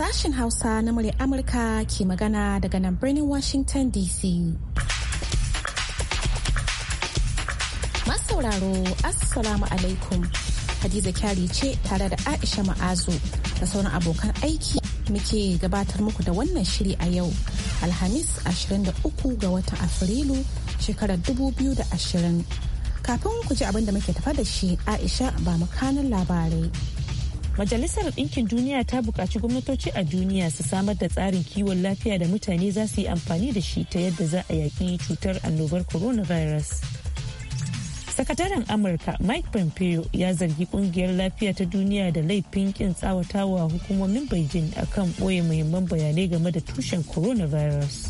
Sashen Hausa na murya Amurka ke magana daga nan birnin Washington DC. Masauraro, Assalamu alaikum. Hadiza Kyari ce tare da Aisha Ma'azu da sauran abokan aiki muke gabatar muku da wannan shiri a yau. Alhamis 23 ga watan Afrilu shekarar 2020. Kafin ku ji abin da muke tafa da shi Aisha ba mu kanin labarai. Majalisar Ɗinkin Duniya ta buƙaci gwamnatoci a duniya su samar da tsarin kiwon lafiya da mutane za su yi amfani da shi ta yadda za a yaƙi cutar annobar coronavirus. Sakataren Amurka Mike Pompeo ya zargi ƙungiyar lafiya ta duniya da laifin ƙin tsawatawa hukumomin Beijing akan ɓoye muhimman bayanai game da tushen coronavirus.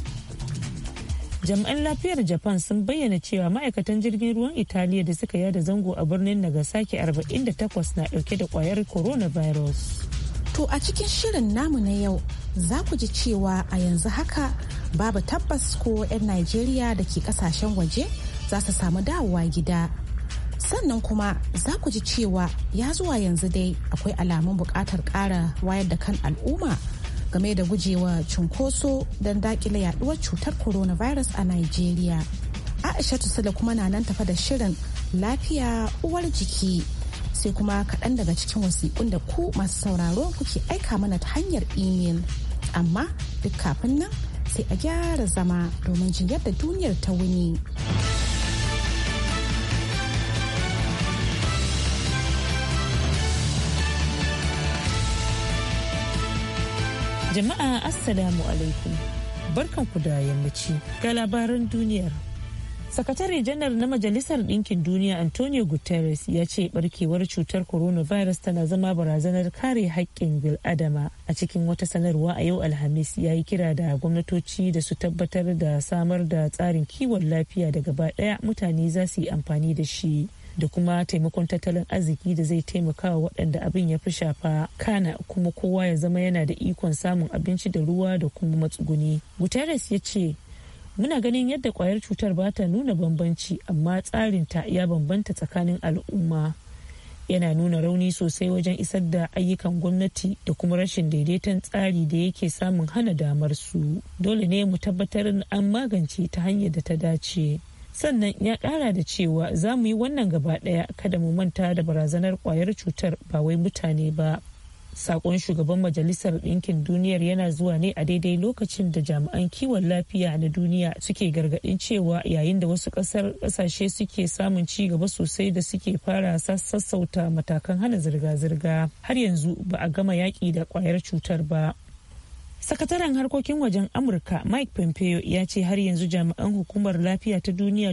jami'an lafiyar japan sun bayyana cewa ma'aikatan jirgin ruwan italiya da suka yada zango a birnin nagasaki 48 na dauke da kwayar coronavirus to a cikin shirin namu na yau za ku ji cewa a yanzu haka babu tabbas ko 'yan najeriya da ke kasashen waje za su samu dawowa gida sannan kuma za ku ji cewa ya zuwa yanzu dai akwai alamun buƙatar ƙara wayar da kan al'umma game da gujewa cunkoso don dakile yaduwar cutar coronavirus a Najeriya. Aisha Sule kuma na nan tafa da shirin lafiya uwar jiki sai kuma kaɗan daga cikin wasiƙun da ku masu sauraro kuke aika mana ta hanyar imel. Amma duk kafin nan sai a gyara zama domin jin yadda duniyar ta wuni. Jama'a Assalamu alaikum. barkan ku da yammaci ga labaran duniyar. Sakatare janar na Majalisar Ɗinkin Duniya Antonio Guterres ya ce barkewar cutar coronavirus tana zama barazanar kare haƙƙin adama A cikin wata sanarwa a yau Alhamis ya yi kira da gwamnatoci da su tabbatar da samar da tsarin kiwon lafiya da gaba ɗaya mutane za su yi amfani da shi. da kuma taimakon tattalin arziki da zai taimaka wa waɗanda abin ya fi shafa kana kuma kowa ya zama yana da ikon samun abinci da ruwa da kuma matsuguni guterres ya ce muna ganin yadda kwayar cutar ba ta nuna bambanci amma tsarin ta ya bambanta tsakanin al'umma yana nuna rauni sosai wajen isar da ayyukan gwamnati da kuma rashin daidaiton tsari da yake samun hana damar su dole ne mu tabbatar an magance ta hanyar da ta dace sannan ya kara da cewa za mu yi wannan gaba daya kada mu manta da barazanar kwayar cutar ba wai mutane ba sakon shugaban majalisar ɗinkin duniyar yana zuwa ne a daidai lokacin da jami'an kiwon lafiya na duniya suke gargaɗin cewa yayin da wasu ƙasashe suke samun ci gaba sosai da suke fara sassauta matakan hana zirga-zirga har yanzu ba a gama yaƙi da ƙwayar cutar ba sakataren harkokin wajen amurka mike pompeo ya ce har yanzu jami'an hukumar lafiya ta duniya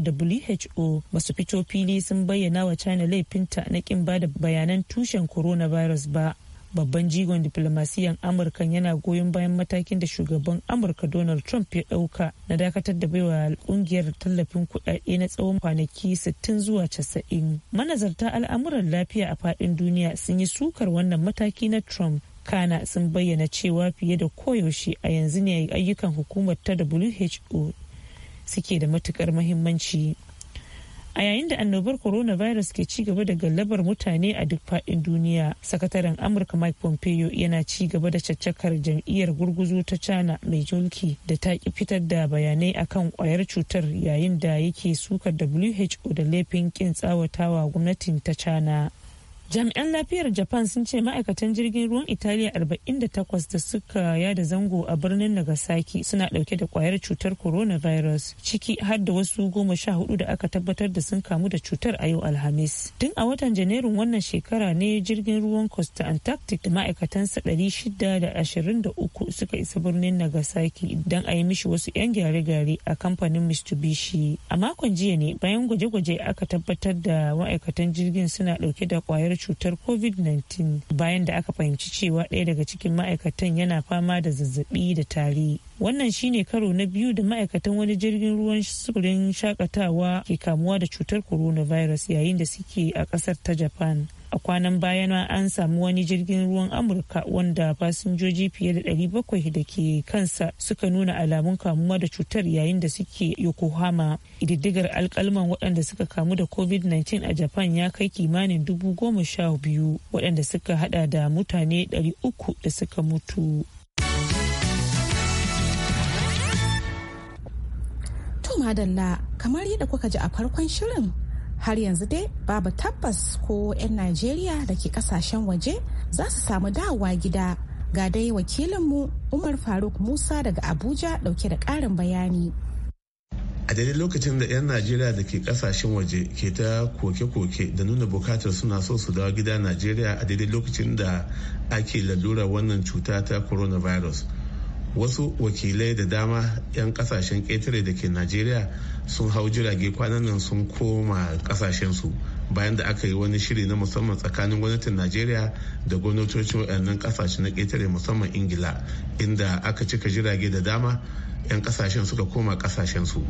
who basu fito fili sun bayyana wa china laifinta na kin ba da bayanan tushen coronavirus ba babban jigon diplomasiyan amurka yana goyon bayan matakin da shugaban amurka donald trump ya dauka na dakatar da baiwa kungiyar tallafin kudade na tsawon kwanaki 60 zuwa 90 manazarta al'amuran lafiya a fadin duniya sun yi sukar wannan mataki na trump kana sun bayyana cewa fiye da koyaushe a yanzu ne ayyukan hukumar ta who suke da matukar mahimmanci a yayin da annobar coronavirus ke ci gaba da gallabar mutane a duk faɗin duniya sakataren amurka mike pompeo yana ci gaba da caccakar jam'iyyar gurguzu ta china mai julki da ta ki fitar da bayanai akan kwayar cutar yayin da yake sukar who da laifin kin tsawatawa gwamnatin ta china jami'an lafiyar japan sun ce ma'aikatan jirgin ruwan italiya 48 da suka yada zango a birnin nagasaki suna dauke da kwayar cutar coronavirus ciki har da wasu goma sha hudu da aka tabbatar da sun kamu da cutar a yau alhamis tun a watan janairun wannan shekara ne jirgin ruwan costa antarctic da ma'aikatansa 623 suka isa birnin nagasaki don a yi mishi wasu 'yan gyare-gyare a kamfanin mitsubishi a makon jiya ne bayan gwaje-gwaje aka tabbatar da ma'aikatan jirgin suna dauke da kwayar cutar covid-19 bayan da aka fahimci cewa ɗaya daga cikin ma'aikatan yana fama da zazzabi da tari wannan shine karo na biyu da ma'aikatan wani jirgin ruwan sufurin shakatawa ke kamuwa da cutar coronavirus yayin da suke a ƙasar ta japan a kwanan bayan an samu wani jirgin ruwan amurka wanda fasinjoji fiye da 700 da ke kansa suka nuna alamun kamuwa da cutar yayin da suke yokohama ididdigar alkalman waɗanda suka kamu da covid-19 a japan ya kai kimanin dubu goma sha biyu waɗanda suka hada da mutane 300 da suka mutu madalla kamar yadda kuka ji a farkon shirin har yanzu dai babu tabbas ko 'yan najeriya da ke kasashen waje za su samu dawowa gida ga dai wakilinmu umar faruk musa daga abuja dauke da karin bayani a daidai lokacin da 'yan najeriya da ke kasashen waje ke ta koke-koke da nuna bukatar suna so su dawo gida najeriya a daidai lokacin da ake lalura wannan cuta ta coronavirus wasu wakilai da dama 'yan kasashen ƙetare da ke najeriya sun hau jirage kwanan nan sun koma kasashensu bayan da aka yi wani shiri na musamman tsakanin gwamnatin najeriya da gwamnatocin waɗannan kasashe na ƙetare musamman ingila inda aka cika jirage da dama 'yan kasashen suka koma su.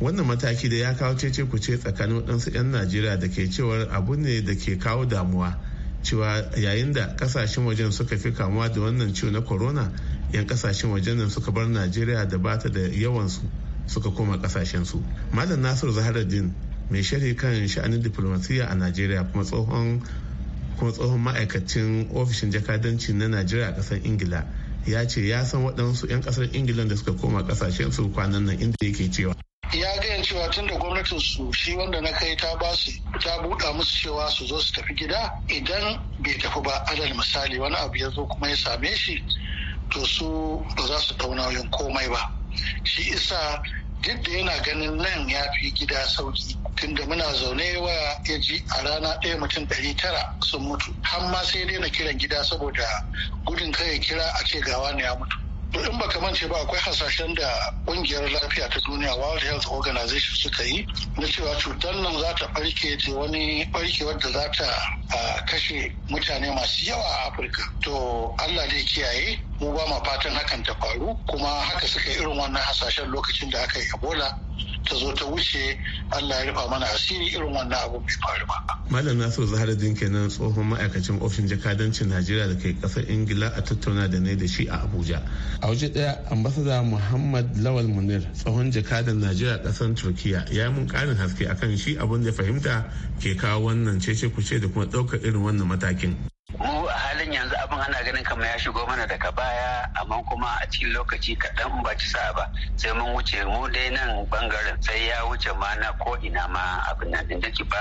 wannan mataki da ya kawo cece kuce tsakanin waɗansu 'yan najeriya da ke cewar abu ne da ke kawo damuwa cewa yayin da kasashen wajen suka fi kamuwa da wannan ciwo na corona 'yan kasashen wajen nan suka bar najeriya da bata da yawansu suka koma kasashen su malam nasiru zaharuddin mai shari kan sha'anin diplomasiya a najeriya kuma tsohon kuma tsohon ma'aikacin ofishin jakadanci na najeriya a kasar ingila ya ce ya san waɗansu 'yan kasar ingila da suka koma kasashensu kwanan nan inda yake cewa ya gayan cewa tun da gwamnatin su shi wanda na kai ta ba su ta buɗa musu cewa su zo su tafi gida idan bai tafi ba alal misali wani abu ya zo kuma ya same shi to su ba za su tauna yin komai ba shi isa duk da yana ganin nan ya fi gida sauki tunda muna zaune waya ya ji a rana ɗaya mutum ɗari tara sun mutu har ma sai daina kiran gida saboda gudun kai kira a ce gawa ne ya mutu to in baka ce ba akwai hasashen da kungiyar lafiya ta duniya world health organization suka yi na cewa cutar nan za ta barke ta wani barkewar da za ta kashe mutane masu yawa a afirka to allah zai kiyaye mu ba ma fatan hakan ta faru kuma haka suka yi irin wannan hasashen lokacin da aka yi ebola ta zo ta wuce Allah ya rufa mana asiri irin wannan abu bai faru ba. Malam Nasiru Zaharuddin kenan tsohon ma'aikacin ofishin jakadancin Najeriya da ke kasar Ingila a tattauna da ne da shi a Abuja. A waje daya ambasada Muhammad Lawal Munir tsohon jakadan Najeriya kasar Turkiya ya mun karin haske akan shi abin da fahimta ke kawo wannan cece kuce da kuma ɗaukar irin wannan matakin. yanzu abin ana ganin kamar ya shigo mana daga baya amma kuma a cikin lokaci kaɗan ba ci sa ba sai mun wuce mu dai nan bangaren sai ya wuce ma na ko ina ma abin nan din take ba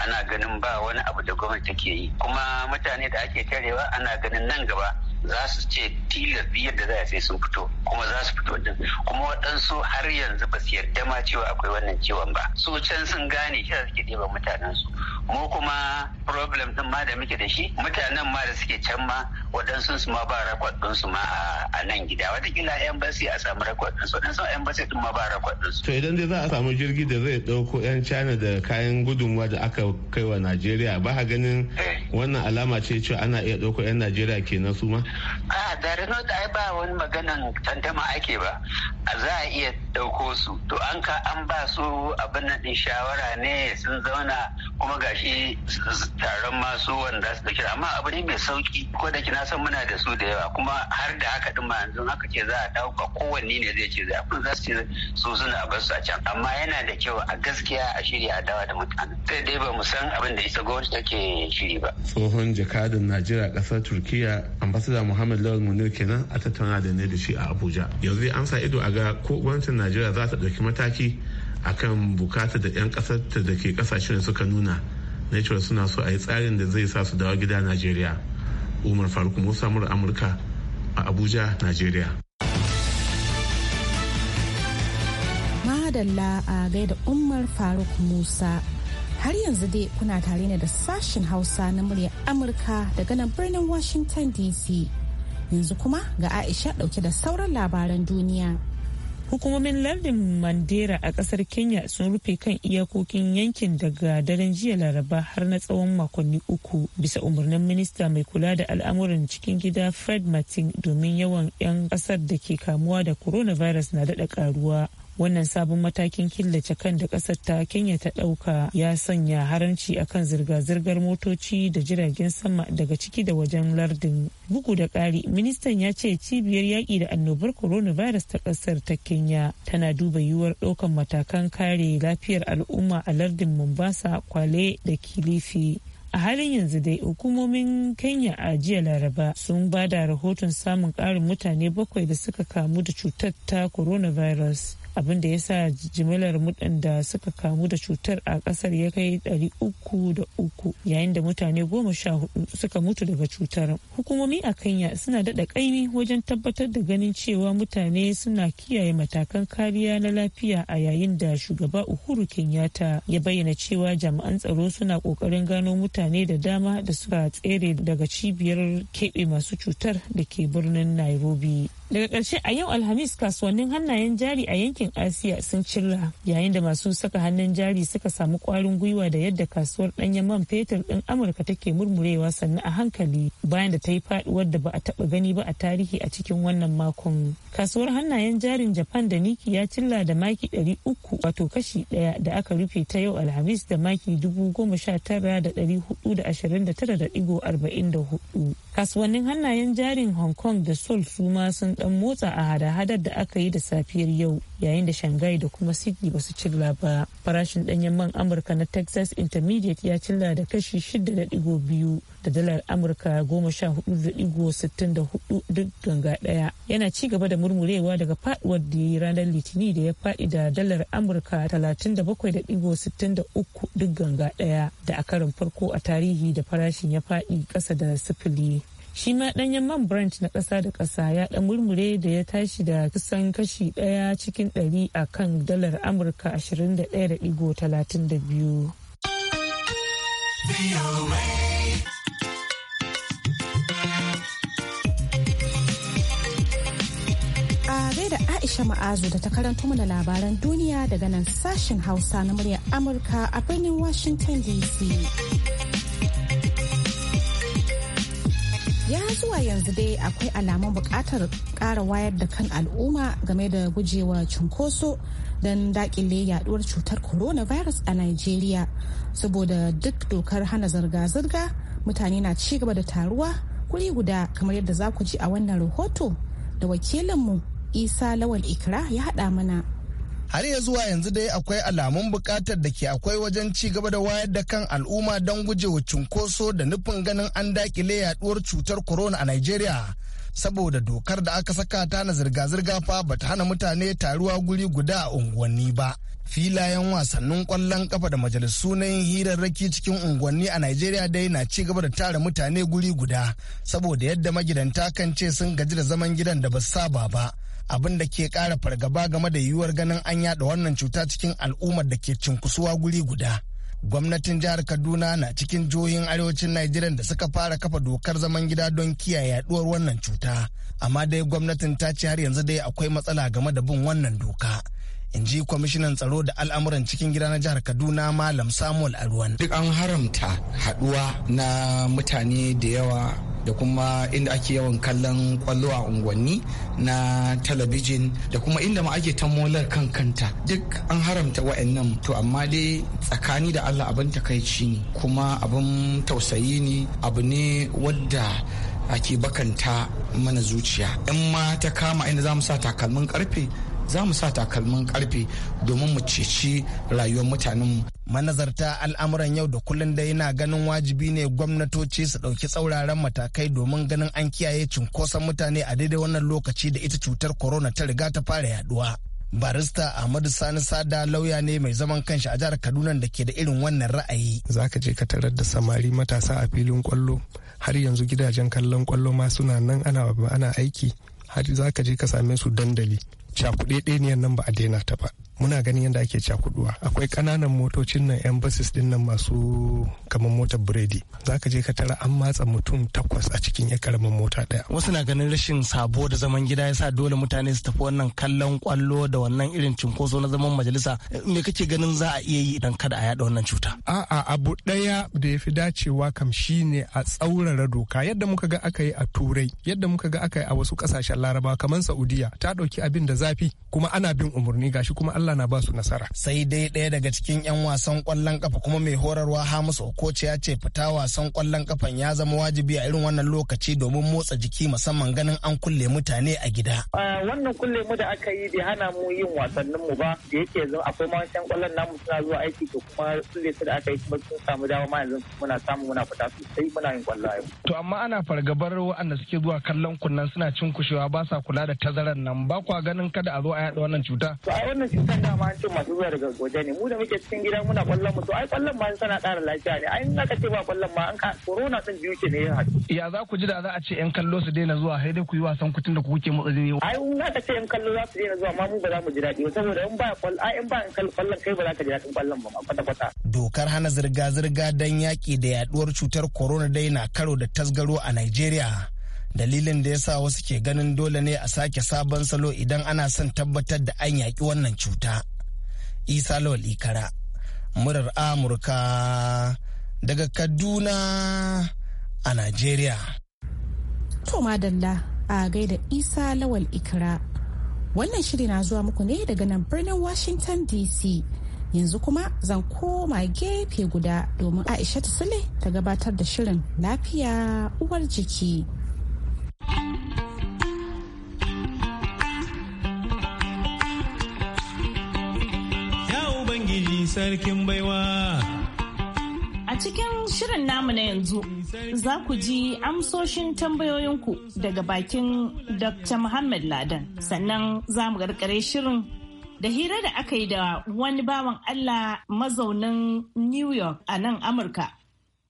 ana ganin ba wani abu da gwamnati take yi kuma mutane da ake tarewa ana ganin nan gaba za su ce tilas yadda za a sai sun fito kuma za su fito din kuma waɗansu har yanzu ba su yarda ma cewa akwai wannan ciwon ba su can sun gane kira suke ɗiban mutanen su mu kuma problem din ma da muke da shi mutanen ma da suke can ma waɗansu su ma ba rakwad din su ma a nan gida watakila basi a samu rakwad din su waɗansu basi din ma ba rakwad din su. to idan dai za a samu jirgi da zai ɗauko 'yan china da kayan gudunmuwa da aka kai wa najeriya ba ganin eh. wannan alama ce cewa ana iya ɗauko 'yan najeriya kenan su ma. a da renault ai ba wani maganan tantama ake ba a za a iya ɗauko su to an ka an ba su abin nan shawara ne sun zauna kuma gashi taron masu wanda su kira amma abu ne mai sauki ko da kina san muna da su da yawa kuma har da haka din ma yanzu haka ce za a dauka kowanne ne zai ce za kun za su ce su suna bar su a can amma yana da kyau a gaskiya a shirya a dawa da mutane sai dai ba mu san abin da ita gwamnati take shiri ba tsohon jakadun najeriya kasar turkiya ambassador muhammad lawal munir kenan a tattauna da ne da shi a abuja yanzu an sa ido a ga ko gwamnatin najeriya za ta ɗauki mataki akan bukatar da 'yan ƙasar da ke ƙasashen suka nuna na cewa suna so a yi tsarin da zai sa su dawo gida najeriya umar faruk musa mura amurka a abuja najeriya madalla a gaida umar faruk musa Har yanzu dai kuna tare ne da sashen Hausa na muryar Amurka daga nan birnin Washington DC. Yanzu kuma ga Aisha dauke da sauran labaran duniya. Hukumomin lardin Mandera a kasar Kenya sun rufe kan iyakokin yankin daga daren jiya Laraba har na tsawon makonni uku bisa umarnin minista mai kula da al'amuran cikin gida Fred Martin domin yawan 'yan kasar da ke kamuwa da coronavirus na daɗa ƙaruwa. wannan sabon matakin killace kan da kasar ta kenya ta dauka ya sanya haramci akan zirga-zirgar motoci da jiragen sama daga ciki da wajen lardin bugu da ƙari ministan ya ce cibiyar yaƙi da annobar coronavirus ta ƙasar ta kenya tana duba yiwuwar ɗaukan matakan kare lafiyar al'umma a lardin mombasa kwale da kilifi a halin yanzu dai hukumomin kenya a jiya laraba sun ba da rahoton samun ƙarin mutane bakwai da suka kamu da cutar ta coronavirus abin da ya sa jimilar da suka kamu da cutar a kasar ya kai ɗari uku da uku yayin da mutane goma sha hudu suka mutu daga cutar hukumomi a kenya suna daɗa ƙaimi wajen tabbatar da ganin cewa mutane suna kiyaye matakan kariya na lafiya a yayin da shugaba uhuru kenyatta ya bayyana cewa jami'an tsaro suna ƙoƙarin gano mutane da dama da suka tsere daga cibiyar keɓe masu cutar da ke birnin nairobi daga ƙarshe a yau alhamis kasuwannin hannayen jari a yankin asiya sun cirra yayin da masu saka hannun jari suka samu ƙwarin gwiwa da yadda kasuwar ɗanyen man fetur ɗin amurka take murmurewa sannan a hankali bayan da ta yi faɗuwar da ba a taɓa gani ba a tarihi a cikin wannan makon kasuwar hannayen jarin japan da niki ya cilla da maki ɗari uku wato kashi ɗaya da aka rufe ta yau alhamis da maki dubu goma sha tara da ɗari hudu da ashirin da tara da ɗigo arba'in da hudu kasuwannin hannayen jarin hong kong da seoul su ma sun dan motsa a hada-hadar da aka yi da safiyar yau yayin da shanghai da kuma sydney ba su cilla ba farashin danyen man amurka na texas intermediate ya cilla da kashi 6.2 da dalar amurka 14.64 duk ganga daya yana ci gaba da murmurewa daga faduwar da ya ranar litini da ya fadi da dalar amurka 37.63 duk ganga daya da a karin farko a tarihi da farashin ya fadi kasa da sifili shi ma ɗanyen man branch na kasa da kasa ya dan murmure da ya tashi da kusan kashi ɗaya cikin ɗari a kan dalar amurka 21.32 da Aisha Ma'azu da ta karanto mana labaran duniya daga nan sashen Hausa na muryar Amurka a birnin Washington DC. ya zuwa yanzu dai akwai alamun buƙatar ƙara wayar da kan al'umma game da gujewa cunkoso don daƙile yaduwar cutar coronavirus a nigeria saboda duk dokar hana zirga-zirga mutane na ci gaba da taruwa kuri guda kamar yadda za ku ji a wannan rahoto da wakilinmu isa lawal ikra ya haɗa mana har ya zuwa yanzu dai akwai alamun bukatar da ke akwai wajen ci gaba da wayar da kan al'umma don gujewa cunkoso da nufin ganin an dakile yaduwar cutar corona a Nigeria. Saboda dokar da aka saka ta na zirga-zirga fa ba ta hana mutane taruwa guri guda a unguwanni ba. Filayen wasannin kwallon kafa da majalisu na yin hirarraki cikin unguwanni a Nigeria dai na ci gaba da tara mutane guri guda saboda yadda magidanta kan ce sun gaji da zaman gidan da ba saba ba. abin da ke kara fargaba game da yiwuwar ganin an yada wannan cuta cikin al'ummar da ke cinkusuwa guri guda. Gwamnatin jihar Kaduna na cikin jihohin arewacin Najeriya da suka fara kafa dokar zaman gida don kiyaye yaduwar wannan cuta. Amma dai gwamnatin ta ce har yanzu dai akwai matsala game da bin wannan doka. in ji kwamishinan tsaro da al'amuran cikin gida na jihar kaduna malam samuel ruwan. duk an haramta haduwa na mutane da yawa da kuma inda ake yawan kallon kwallo a unguwanni na talabijin da kuma inda ma ake ta molar kan kanta duk an haramta wa'annan to amma dai tsakani da allah abin takaici ne kuma abin tausayi ne abu ne wadda ake bakanta mana zuciya in ma ta kama inda za mu sa takalmin karfe za mu sa takalmin karfe domin mu ceci rayuwar mutanen mutanenmu. manazarta al'amuran yau da kullum da yana ganin wajibi ne gwamnatoci su ɗauki tsauraran matakai domin ganin an kiyaye cunkoson mutane a daidai wannan lokaci da ita cutar corona ta riga ta fara yaduwa. barista ahmadu sani sada lauya ne mai zaman kanshi a jihar kaduna da ke da irin wannan ra'ayi za ka je ka tarar da samari matasa a filin kwallo har yanzu gidajen kallon kwallo ma suna nan ana ana aiki har za ka je ka same su dandali cakuɗe ɗaya nan ba a daina ta ba muna ganin yadda ake cakuduwa akwai kananan motocin nan yan basis din nan masu kamar motar biredi za ka je ka tara an matsa mutum takwas a cikin ya karamin mota daya wasu na ganin rashin sabo da zaman gida ya sa dole mutane su tafi wannan kallon kwallo da wannan irin cinkoso na zaman majalisa me kake ganin za a iya yi idan kada a yada wannan cuta a'a abu daya da ya fi dacewa kam shine a tsaurara doka yadda muka ga aka yi a turai yadda muka ga aka yi a wasu kasashen laraba kamar saudiya ta dauki abin da zafi kuma ana bin umarni gashi kuma Allah na ba su nasara. Sai dai ɗaya daga cikin 'yan wasan ƙwallon kafa kuma mai horarwa Hamisu Okocha ya ce fita wasan ƙwallon kafan ya zama wajibi a irin wannan lokaci domin motsa jiki musamman ganin an kulle mutane a gida. Wannan kulle mu da aka yi bai hana mu yin wasannin mu ba da yake yanzu akwai ma ƙwallon namu suna zuwa aiki to kuma kulle su da aka yi kuma sun samu dama ma yanzu muna samu muna fita sosai muna yin ƙwallaye. To amma ana fargabar wa'anda suke zuwa kallon kunnan suna cin kushewa ba sa kula da tazarar nan ba kwa ganin kada a zo a yaɗa wannan cuta. To a wannan cuta wannan dama an ce masu zuwa daga waje ne mu da muke cikin gida muna kwallon mu to ai kwallon ma sana ƙara lafiya ne ai in aka ce ba kwallon ma an ka corona din biyu ke ne ya haɗu ya za ku ji da za a ce yan kallo su daina zuwa sai dai ku yi wasan kutun da kuke motsa jini ai in aka ce yan kallo za su daina zuwa ma mu ba za mu ji daɗi ba saboda in ba kwallon ai in ba kwallon kai ba za ka ji daɗin kwallon ba ma kwata kwata dokar hana zirga zirga dan yaƙi da yaduwar cutar corona dai na karo da tasgaro a nigeria. dalilin da ya sa wasu ke ganin dole ne a sake sabon salo idan ana son tabbatar da an yaƙi wannan cuta isa lawal ikara murar amurka daga kaduna a najeriya to madalla a gaida isa lawal ikara wannan shiri na zuwa muku ne daga nan birnin washington dc yanzu kuma zan koma gefe guda domin aisha sule ta gabatar da shirin lafiya uwar jiki sarkin baiwa. A cikin shirin namu na yanzu za ku ji amsoshin tambayoyinku daga bakin Dr. Muhammad Ladan sannan za mu karkare shirin da hira da aka yi da wani bawan Allah mazaunin New York a nan Amurka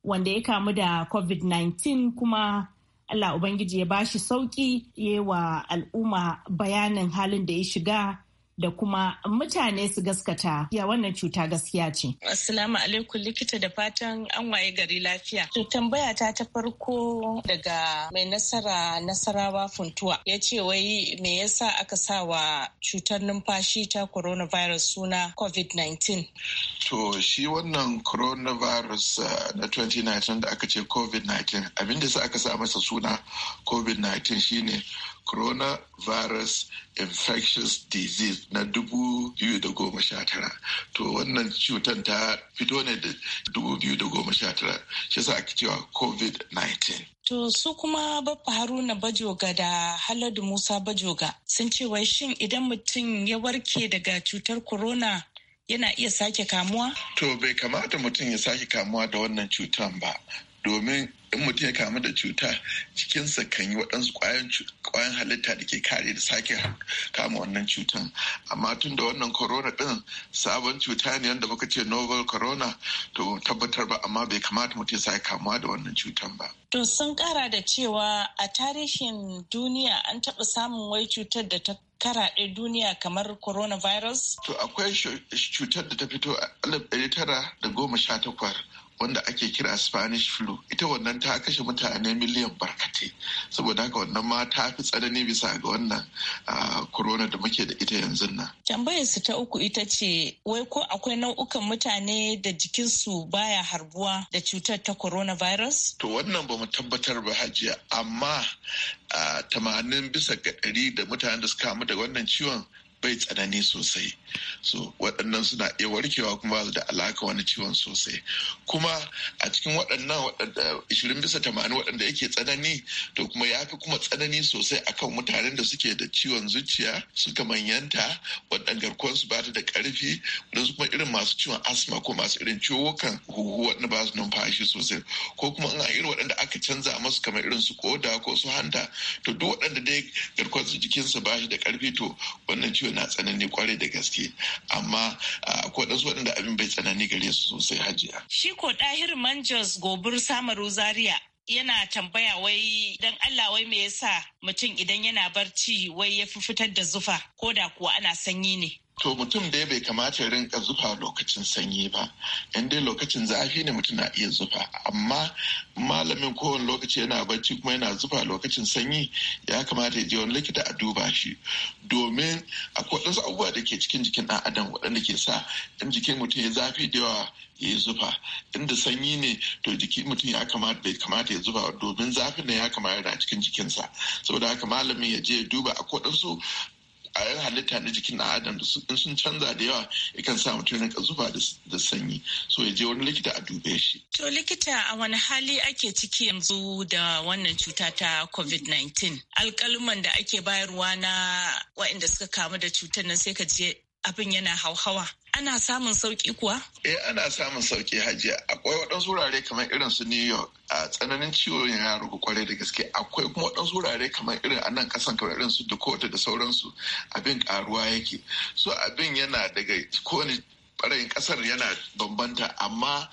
wanda ya kamu da COVID-19 kuma Allah Ubangiji ya bashi sauki yi wa al'umma bayanin halin da ya shiga da kuma mutane su gaskata ya wannan cuta gaskiya ce. Assalamu alaikum likita da fatan an waye gari lafiya. To tambaya ta ta farko daga mai nasara nasarawa funtuwa ya ce wai me yasa aka sa wa cutar numfashi ta coronavirus suna COVID-19. To shi wannan coronavirus uh, na 2019 da aka ce COVID-19 abinda sa aka sa masa suna COVID-19 shine coronavirus infectious disease na dubu to wannan cutar ta fito ne da dubu biyu da shi sa cewa covid-19 To su kuma babba Haruna Bajoga da Haladu Musa Bajoga sun ce wai shin idan mutum ya warke daga cutar corona yana iya sake kamuwa? To bai kamata mutum ya sake kamuwa da wannan cutan ba domin in mutum ya kamu da cuta cikinsa kan yi waɗansu ƙwayan halitta da ke kare da sake kama wannan cutan amma tun da wannan corona ɗin sabon cuta ne yadda muka ce novel corona to tabbatar ba amma bai kamata mutum ya sake kamuwa da wannan cutan ba. To sun kara da cewa a tarihin duniya an taɓa samun wai cutar da ta karaɗe duniya kamar coronavirus? To akwai cutar da ta fito a 1918 wanda ake kira spanish flu ita wannan ta kashe mutane miliyan barkatai saboda haka wannan ma ta fi tsanani bisa ga wannan corona da muke da ita yanzu nan tambayar su ta uku ita ce wai ko akwai nau'ukan mutane da jikinsu baya harbuwa da cutar ta coronavirus to wannan ba mu tabbatar ba hajiya amma tamanin bisa ga ɗari da mutanen da suka kamu da wannan ciwon bai tsanani sosai so waɗannan suna iya warkewa kuma ba su da alaka wani ciwon sosai kuma a cikin waɗannan 20 bisa 80 waɗanda yake tsanani to kuma ya fi kuma tsanani sosai akan mutanen da suke da ciwon zuciya suka manyanta waɗanda su ba ta da ƙarfi da su kuma irin masu ciwon asma ko masu irin ciwokan huhu waɗanda ba su numfashi sosai ko kuma in a irin waɗanda aka canza masu kamar irin su koda ko su hanta to duk waɗanda dai su jikinsu ba shi da ƙarfi to wannan ciwon na tsanani kwarai da gaske amma akwai ɗansu waɗanda abin bai tsanani gare su sosai hajiya. Shi ko ɗahir Manjos Gobir Samaru Zaria yana tambaya wai dan Allah wai me yasa mutum idan yana barci wai ya fi fitar da zufa ko da kuwa ana sanyi ne. to mutum dai bai kamata ya rinka zufa lokacin sanyi ba in dai lokacin zafi ne mutum na iya zufa amma malamin kowane lokaci yana bacci kuma yana zufa lokacin sanyi ya kamata ya je wani likita a duba shi domin akwai waɗansu abubuwa da ke cikin jikin ɗan adam waɗanda ke sa in jikin mutum ya zafi da yawa ya yi zufa inda sanyi ne to jiki mutum ya kamata bai kamata ya zufa. domin zafin ne ya kamata yana cikin jikinsa saboda haka malamin ya je ya duba akwai waɗansu ƙwayar halitta na jikin da adam in sun canza da yawa ikan sa mutum rinka zufa da sanyi so ya je wani likita a dube shi. To likita a wani hali ake ciki yanzu da wannan cuta ta COVID-19 Alkaluman da ake bayarwa na waɗanda suka kamu da cutar nan sai ka je abin yana hauhawa. Ana samun sauki kuwa? Eh ana samun sauki hajiya. Akwai waɗansu wurare kamar irin su New York a tsananin ciwon ya ragu kwarai da gaske. Akwai kuma waɗansu wurare kamar irin a nan ƙasan kamar irin su Dakota da sauransu abin ƙaruwa yake. So abin yana daga kowane ɓarayin ƙasar yana bambanta amma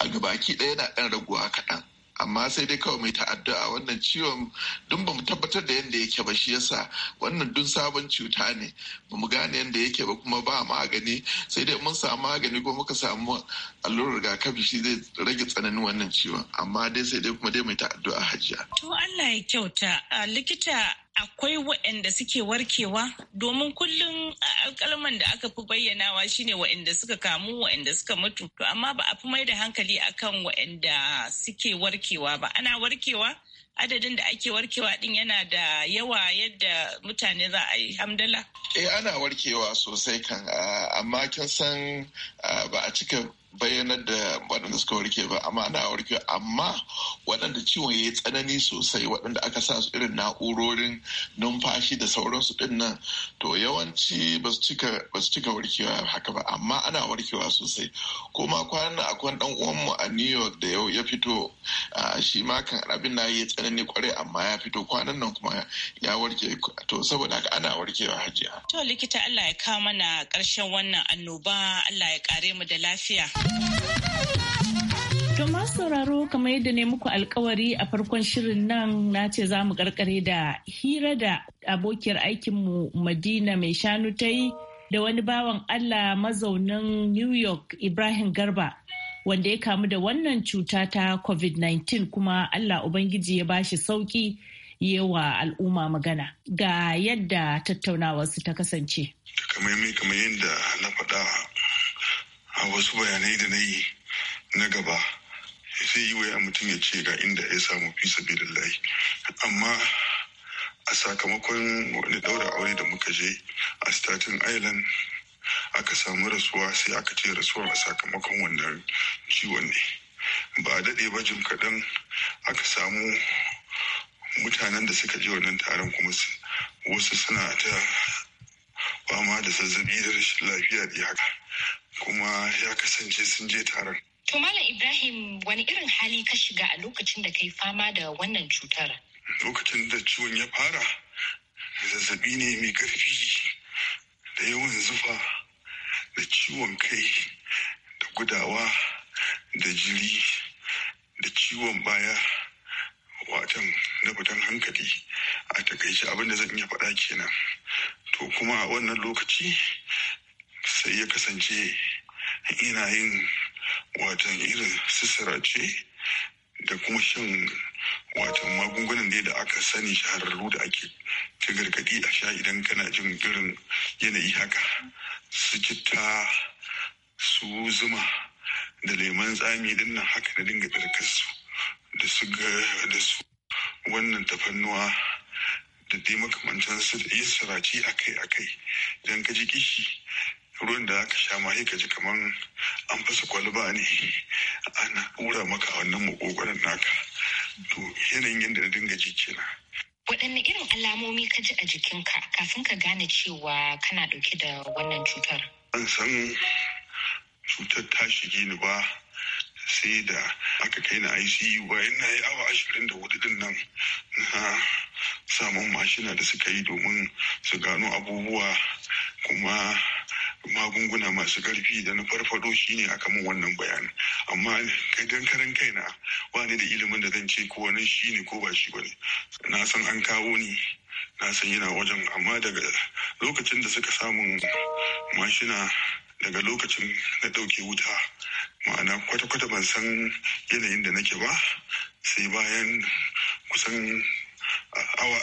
a gabaki ɗaya yana ɗan raguwa kaɗan. amma sai dai kawai mai ta'addu'a wannan ciwon dun ba mu tabbatar da yadda yake ba shi yasa wannan dun sabon cuta ne ba mu gane yadda yake ba kuma ba magani sai dai mun samu magani ko muka samu allurar rigakafi shi zai rage tsananin wannan ciwon amma dai sai dai kuma dai mai ta'addu'a hajiya. to Allah ya kyauta likita akwai waɗanda suke warkewa domin kullum alkalman da aka fi bayyanawa shine waɗanda suka kamu waɗanda suka mutu to amma ba a fi mai da hankali akan waɗanda suke warkewa ba ana warkewa adadin da ake warkewa din yana da yawa yadda mutane za a yi hamdala eh ana warkewa sosai kan amma kin san ba a cika bayyanar da waɗanda suka warke ba amma ana warke amma waɗanda ciwon ya yi tsanani sosai waɗanda aka sa su irin na'urorin numfashi da sauransu ɗin nan to yawanci ba su cika warkewa haka ba amma ana warkewa sosai kuma kwanan akwai ɗan uwanmu a new york da yau ya fito shi ma kan abin na yi tsanani kwarai amma ya fito kwanan nan kuma ya warke to saboda haka ana warkewa hajiya to likita Allah ya kawo mana ƙarshen wannan annoba Allah ya kare mu da lafiya Gama sauraro kamar yadda ne muku alkawari a farkon shirin nan na ce za mu karkare da hira da abokiyar aikinmu Madina mai shanu ta yi da wani bawan Allah mazaunin New York Ibrahim Garba wanda ya kamu da wannan cuta ta COVID-19 kuma Allah Ubangiji ya ba shi sauki yawa al'umma magana ga yadda tattaunawarsu ta kasance. Kamar yadda na faɗa a wasu bayanai da na yi na gaba sai yi waya mutum ya ce ga inda ya samu fi sabilillahi amma a sakamakon wani daura aure da muka je a statin island aka samu rasuwa sai aka ce rasuwar a sakamakon wannan ciwon ne ba a daɗe ba jim kaɗan aka samu mutanen da suka je wannan taron kuma wasu suna ta fama da zazzabi da rashin lafiya da haka kuma ya kasance sun je taron. To Malam Ibrahim wani irin hali ka shiga a lokacin da kai fama da wannan cutar? Lokacin da ciwon ya fara zazzabi ne mai ƙarfi da yawan zufa da ciwon kai da gudawa da jiri da ciwon baya watan na fitan hankali a takaice abin da zan iya faɗa kenan to kuma a wannan lokaci sai ya kasance ina yin watan irin sisirace da kuma shan watan magungunan ne da aka sani shahararru da ake ta gargadi a sha idan kana jin irin yanayi haka su citta su zuma da leman tsami din nan haka na dinga ɗarkar su da su da su wannan tafannuwa da dai makamantan da yin sirace akai akai don ka ji kishi ruwan da aka sha ma ka ji kamar an fasa kwalba ne ana hura maka a wannan makogoron naka to yanayin yadda na dinga ji kenan waɗanne irin alamomi ka ji a jikinka kafin ka gane cewa kana ɗauke da wannan cutar an san cutar ta shige ni ba sai da aka kai na ICU bayan na yi awa ashirin da hudu din nan na samun mashina da suka yi domin su gano abubuwa kuma magunguna masu ƙarfi da na farfado shine aka min wannan bayanin amma dan karan kaina ba ni da ilimin da zan ce ko wani shi ne ko ba shi ba ne na san an kawo ni na san yana wajen amma daga lokacin da suka samun mashina daga lokacin na ɗauke wuta ma'ana kwata-kwata ban san yanayin da nake ba sai bayan kusan awa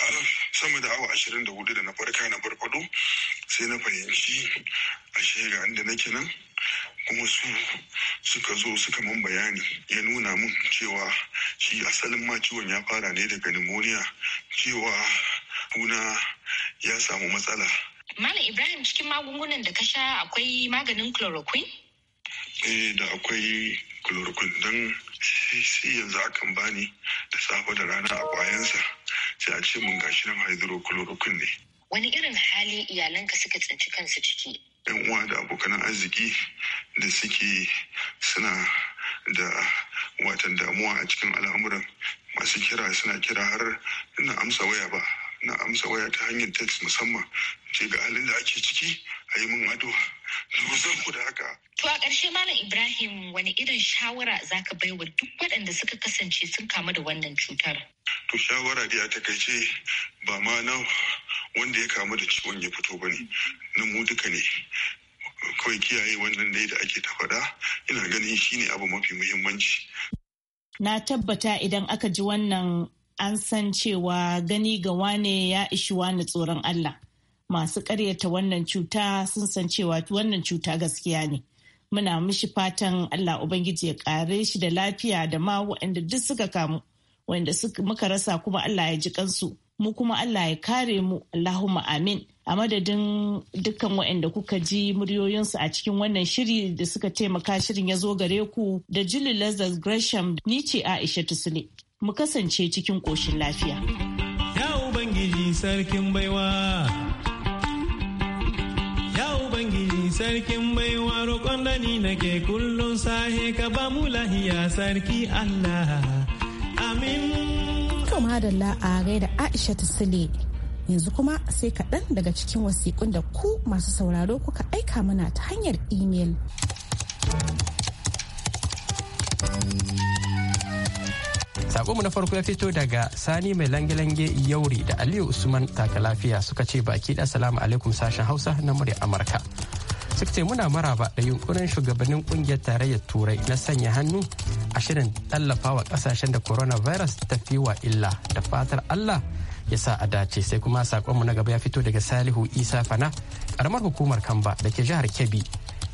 sama da awa ashirin da hudu da na farka na farfado sai na fahimci ashe ga inda nake nan kuma su suka zo suka man bayani ya nuna mun cewa shi asalin ma ciwon ya fara ne daga pneumonia cewa kuna ya samu matsala Malam Ibrahim cikin magungunan da ka sha akwai maganin chloroquine? Eh da akwai chloroquine don sai yanzu akan bani da safe da rana a kwayansa. sai a ce mun gashi nan hydrochloroquine ne wani irin hali iyalanka suka tsinci kansu ciki yan uwa da abokan arziki da suke suna da watan damuwa a cikin al'amuran masu kira suna kira har ina amsa waya ba na amsa waya ta hanyar text musamman ce ga halin da ake ciki a yi min ado zan ku da haka. To a ƙarshe Malam Ibrahim wani irin shawara zaka ka bai wa duk waɗanda suka kasance sun kamu da wannan cutar? To shawara dai a takaice ba ma na wanda ya kamu da ciwon ya fito ba ne, na mu duka ne. Kawai kiyaye wannan dai da ake ta faɗa, ina ganin shine abu mafi muhimmanci. Na tabbata idan aka ji wannan an san cewa gani ga wane ya ishi wani tsoron Allah. Masu karyata wannan cuta sun san cewa wannan cuta gaskiya ne. Muna mishi fatan Allah Ubangiji ya kare shi da lafiya da ma waɗanda duk suka kamu, waɗanda muka rasa kuma Allah ya ji kansu, mu kuma Allah ya kare mu, Allahumma amin. a madadin dukkan waɗanda kuka ji muryoyinsu a cikin wannan shiri da suka taimaka shirin ya zo gare ku da Julie Lazarus Gresham ni ce Aisha Tusule. mu kasance cikin koshin lafiya. Ya Ubangiji sarkin baiwa. Ya Ubangiji sarkin baiwa roƙon da ni nake kullum sahe ka ba mu lahiya sarki Allah. Amin. To da a gaida Aisha sile Yanzu kuma sai kaɗan daga cikin wasiƙun da ku masu sauraro kuka aika mana ta hanyar imel. mu na farko ya fito daga sani mai lange-lange yauri da aliyu usman taka lafiya suka ce baki da salamu alaikum sashen hausa na murya amurka suka ce muna maraba da yunkurin shugabannin kungiyar tarayyar turai na sanya hannu a shirin tallafawa kasashen da coronavirus ta fi wa illa da fatar allah ya sa a dace sai kuma sakonmu na gaba ya fito daga salihu isa fana karamar hukumar kamba da ke jihar kebbi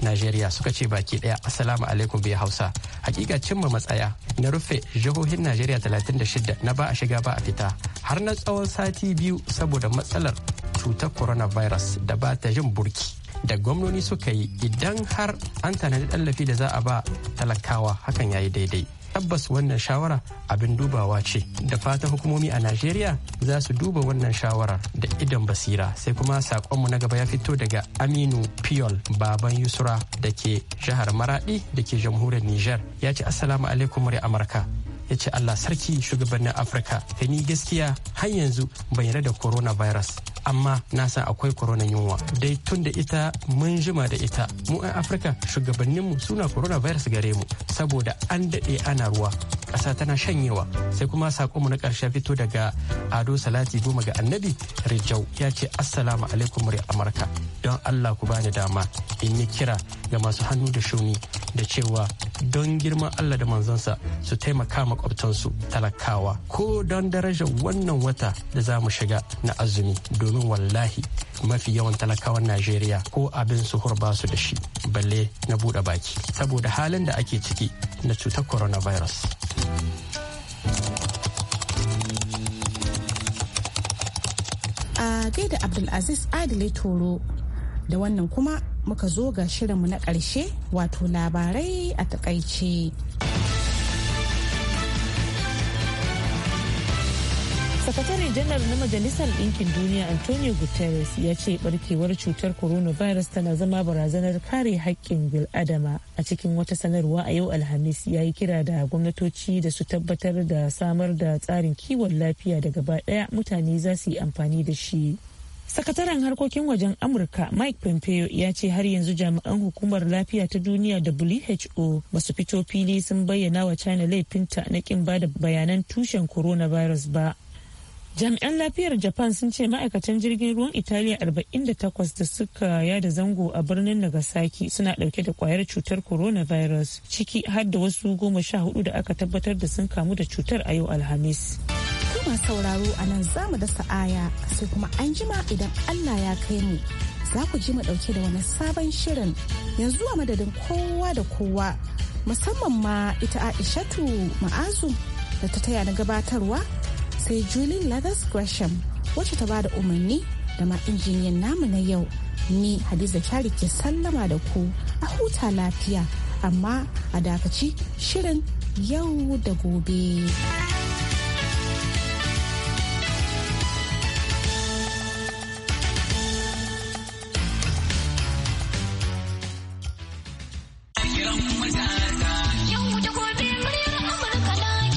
najeriya suka ce baki daya assalamu alaikum bai hausa hakika cimma matsaya na rufe jihohin najeriya 36 na ba a shiga ba a fita har na tsawon sati biyu saboda matsalar cutar coronavirus da ba ta jin burki da gwamnoni suka yi idan har an tanadi tallafi da za a ba talakawa hakan ya yi daidai tabbas wannan shawara abin dubawa ce da fatan hukumomi a najeriya za su duba wannan shawarar da idan basira sai kuma sakonmu na gaba ya fito daga aminu piyol baban yusra da ke jihar maradi da ke jamhuriyar niger ya ce assalamu alaikum murya amurka ya ce Allah sarki shugabannin Afirka. Kai ni gaskiya har yanzu ban da coronavirus amma na san akwai korona yunwa dai tun da ita mun jima da ita mu 'yan afirka shugabanninmu suna coronavirus virus gare mu saboda an daɗe ana ruwa ƙasa tana shanyewa sai kuma mu na ƙarshe fito daga ado salati goma ga annabi rijau ya ce assalamu alaikum murya amurka don allah ku bani dama in yi kira ga masu hannu da shuni da cewa don girman allah da manzansa su taimaka makwabtansu talakawa ko don darajar wannan wata da za mu shiga na azumi domin domin wallahi mafi yawan talakawan najeriya ko abin suhur ba su da shi balle na buɗe baki saboda halin da ake ciki na cutar coronavirus a gaida abdulaziz adile toro da wannan kuma muka zo ga shirinmu na ƙarshe wato labarai a takaice. sakatare janar na majalisar ɗinkin duniya antonio guterres ya ce barkewar cutar coronavirus tana zama barazanar kare haƙƙin bil'adama a cikin wata sanarwa a yau alhamis ya yi kira da gwamnatoci da su tabbatar da samar da tsarin kiwon lafiya da gaba ɗaya mutane za su yi amfani da shi sakataren harkokin wajen amurka mike pompeo ya ce har yanzu jami'an hukumar lafiya ta duniya who ba su fito fili sun bayyana wa china laifinta na kin bada bayanan tushen coronavirus ba jami'an lafiyar japan sun ce ma'aikatan jirgin ruwan italiya 48 da suka yada zango a birnin nagasaki suna dauke da kwayar cutar coronavirus ciki har da wasu goma sha hudu da aka tabbatar da sun kamu da cutar a yau alhamis kuma sauraro a nan za mu dasa aya sai kuma an jima idan allah ya kai mu za ku ji mu dauke da wani sabon shirin yanzu a madadin kowa da kowa musamman ma ita aishatu ma'azu da ta taya na gabatarwa sai Julie Leathers Gresham wacce ta bada umarni da ma injiniyan namu na yau ni Hadiza Kyari ke sallama da ku a huta lafiya amma a dakaci shirin yau da gobe.